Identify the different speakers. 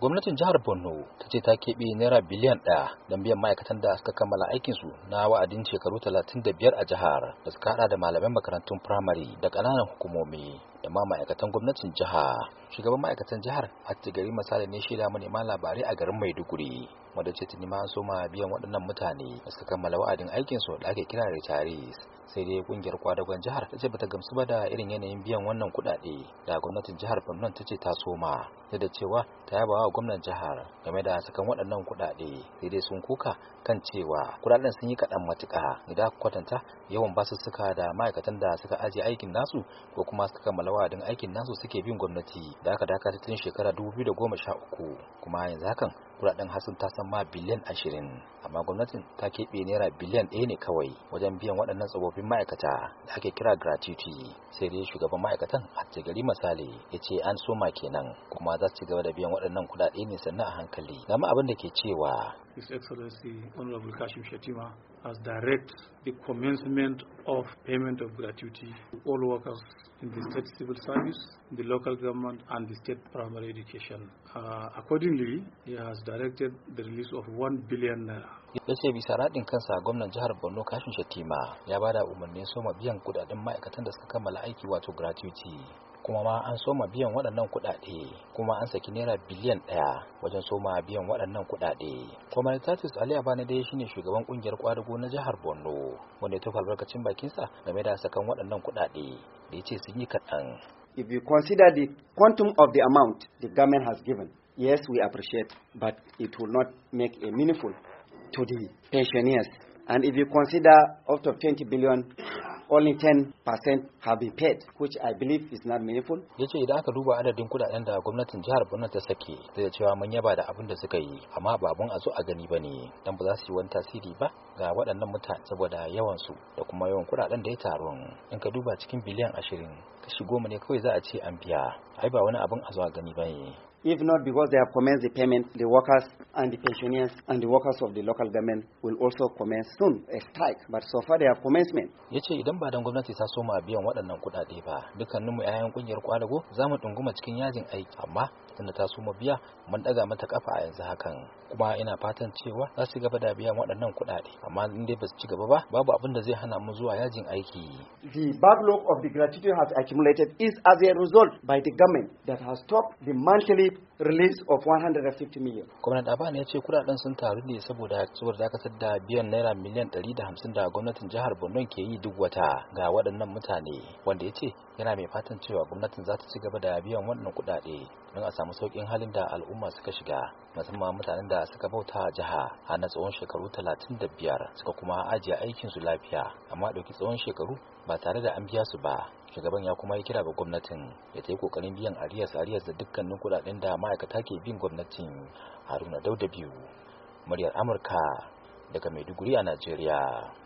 Speaker 1: gwamnatin jihar borno ta ce ta keɓe naira biliyan ɗaya don biyan ma'aikatan da suka kammala aikinsu na wa'adin shekaru talatin da biyar a jihar da suka haɗa da malaman makarantun firamare da ƙananan hukumomi da ma ma'aikatan gwamnatin jiha shugaban ma'aikatan jihar attigari misali ne shaida manema labarai a garin maiduguri wanda ce tuni ma an soma biyan waɗannan mutane da suka kammala wa'adin aikin su da ake kira retirees sai dai kungiyar kwadagon jihar ta ce bata gamsu ba da irin yanayin biyan wannan kuɗaɗe da gwamnatin jihar Borno ta ce ta soma da cewa ta yaba wa gwamnan jihar game da sakan waɗannan kuɗaɗe sai dai sun kuka kan cewa kuɗaɗen sun yi kaɗan matuƙa idan kwatanta yawan basussuka da ma'aikatan da suka ajiye aikin nasu ko kuma suka kammala Yawa wa'adin aikin nasu suke bin gwamnati da aka dakata tun shekara 2013 kuma yanzu hakan kudaden hasin ta san ma biliyan 20 amma gwamnatin ta keɓe naira biliyan 1 ne kawai wajen biyan waɗannan tsofaffin ma'aikata da ake kira gratuity sai dai shugaban ma'aikatan a gari misali ya ce an soma kenan kuma za su ci gaba da biyan waɗannan kuɗaɗe ne sannan a hankali zama abin da ke cewa His Excellency Honorable Kashim shatima has directed the commencement of payment of gratuity to all workers in the state civil service, the local government, and the state primary education. Uh, accordingly, he has directed the release of 1 billion naira. ya ce bisa raɗin kansa gwamnan jihar borno kashin shatima ya bada umarnin soma biyan kudaden ma'aikatan da suka kammala aiki wato gratuity kuma ma an soma biyan waɗannan kuɗaɗe kuma an saki naira biliyan ɗaya wajen soma biyan waɗannan kuɗaɗe kwamar tatis ali abana dai shine shugaban ƙungiyar kwadago na jihar borno wanda ya tofa albarkacin bakinsa game da sakan waɗannan kuɗaɗe da ya ce
Speaker 2: sun yi kaɗan if you consider the quantum of the amount the government has given yes we appreciate but it will not make a meaningful to the pensioners and if you consider out of 20 billion only 10% have been paid, which I believe is not meaningful.
Speaker 1: Ya ce idan aka duba adadin kudaden da gwamnatin jihar Borno ta sake, zai cewa mun yaba da abin da suka yi, amma ba abun a zo a gani bane dan ba za su yi wani tasiri ba ga waɗannan mutane saboda yawan su da kuma yawan kudaden da ya taru. In ka duba cikin biliyan ashirin, kashi goma ne kawai za a ce an biya, ai ba wani abin a zo a gani bane
Speaker 2: If not because they have commenced the payment, the workers and the pensioners and the workers of the local government will also commence soon a strike. But so far they have commencement.
Speaker 1: Ya ce idan ba dan gwamnati ta soma biyan waɗannan kuɗaɗe ba, dukkaninmu 'ya'yan ƙungiyar kwadago za mu ɗunguma cikin yajin aiki. Amma tunda ta soma biya, mun ɗaga mata kafa a yanzu hakan. Kuma ina fatan cewa za su gaba da biyan waɗannan kuɗaɗe. Amma
Speaker 2: in dai ba su ci gaba ba, babu abin da zai hana mu zuwa yajin aiki. The backlog of the gratuity has accumulated is as a result by the government that has stopped the monthly immediate release of 150 million. Gwamnan ya ce kudaden sun taru ne saboda tsohuwar dakatar da biyan naira
Speaker 1: miliyan 150 da gwamnatin jihar Borno ke yi duk wata ga waɗannan mutane wanda ya ce yana mai fatan cewa gwamnatin za ta ci gaba da biyan waɗannan kudade don a samu saukin halin da al'umma suka shiga musamman mutanen da suka bauta jiha a na tsawon shekaru 35 suka kuma ajiye su lafiya amma ɗauki tsawon shekaru ba tare da an biya su ba shugaban ya kuma yi kira ga gwamnatin ya ta yi kokarin biyan ariyas ariyas da dukkanin kudaden da ma'aikata ke bin gwamnatin haruna dauda biyu muryar amurka daga maiduguri a najeriya